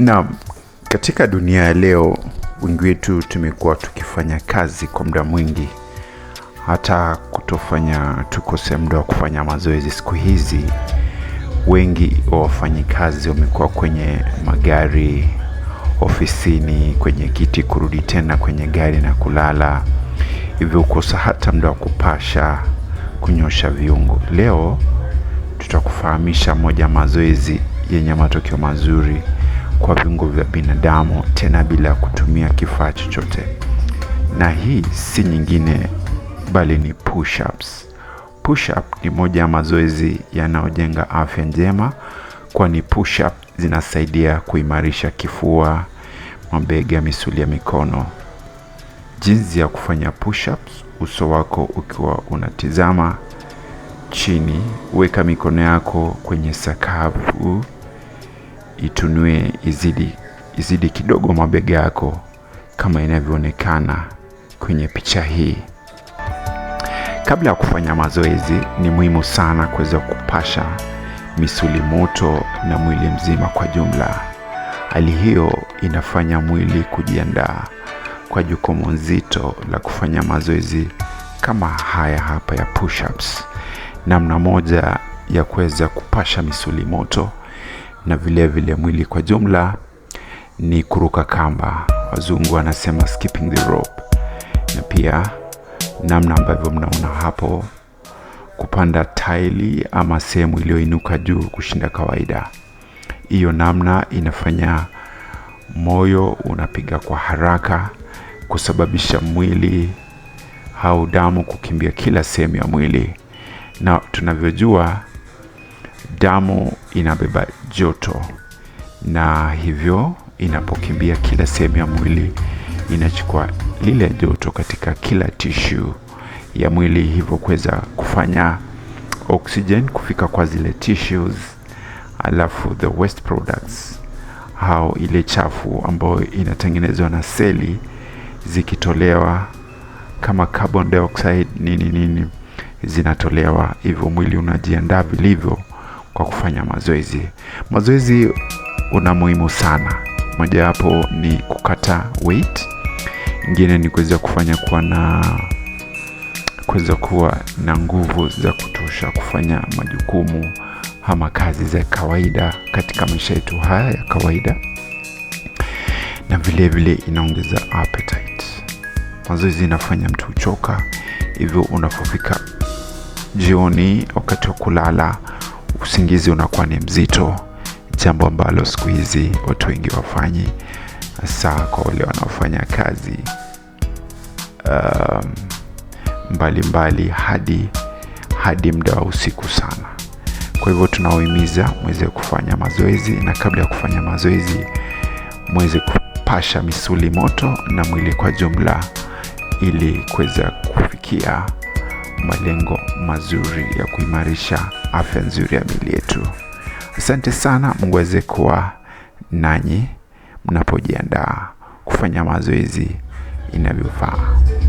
Naam, katika dunia ya leo wengi wetu tumekuwa tukifanya kazi kwa muda mwingi, hata kutofanya, tukose muda wa kufanya mazoezi. Siku hizi wengi wa wafanyikazi wamekuwa kwenye magari, ofisini, kwenye kiti, kurudi tena kwenye gari na kulala, hivyo ukosa hata muda wa kupasha, kunyosha viungo. Leo tutakufahamisha moja mazoezi yenye matokeo mazuri kwa viungo vya binadamu tena bila kutumia kifaa chochote, na hii si nyingine bali ni push ups. Push up ni moja ya mazoezi yanayojenga afya njema, kwani push up zinasaidia kuimarisha kifua, mabega, misuli ya mikono. Jinsi ya kufanya push ups: uso wako ukiwa unatizama chini, weka mikono yako kwenye sakafu itunue izidi, izidi kidogo mabega yako kama inavyoonekana kwenye picha hii. Kabla ya kufanya mazoezi, ni muhimu sana kuweza kupasha misuli moto na mwili mzima kwa jumla. Hali hiyo inafanya mwili kujiandaa kwa jukumu nzito la kufanya mazoezi kama haya hapa ya push ups. Namna moja ya kuweza kupasha misuli moto na vile vile mwili kwa jumla ni kuruka kamba, wazungu wanasema skipping the rope, na pia namna ambavyo mnaona hapo kupanda taili ama sehemu iliyoinuka juu kushinda kawaida. Hiyo namna inafanya moyo unapiga kwa haraka, kusababisha mwili au damu kukimbia kila sehemu ya mwili, na tunavyojua Damu inabeba joto na hivyo inapokimbia kila sehemu ya mwili inachukua lile joto katika kila tishu ya mwili, hivyo kuweza kufanya oxygen kufika kwa zile tissues, alafu the waste products au ile chafu ambayo inatengenezwa na seli zikitolewa kama carbon dioxide nini nini, zinatolewa hivyo mwili unajiandaa vilivyo kwa kufanya mazoezi. Mazoezi una muhimu sana, mojawapo ni kukata weight, ingine ni kuweza kufanya kuwa na kuweza kuwa na nguvu za kutosha kufanya majukumu ama kazi za kawaida katika maisha yetu haya ya kawaida, na vile vile inaongeza appetite. Mazoezi inafanya mtu uchoka, hivyo unapofika jioni, wakati wa kulala usingizi unakuwa ni mzito, jambo ambalo siku hizi watu wengi wafanyi, hasa kwa wale wanaofanya kazi um, mbalimbali mbali, hadi hadi muda wa usiku sana. Kwa hivyo tunawahimiza mweze kufanya mazoezi, na kabla ya kufanya mazoezi mweze kupasha misuli moto na mwili kwa jumla, ili kuweza kufikia malengo mazuri ya kuimarisha afya nzuri ya miili yetu. Asante sana, mweze kuwa nanyi mnapojiandaa kufanya mazoezi inavyofaa.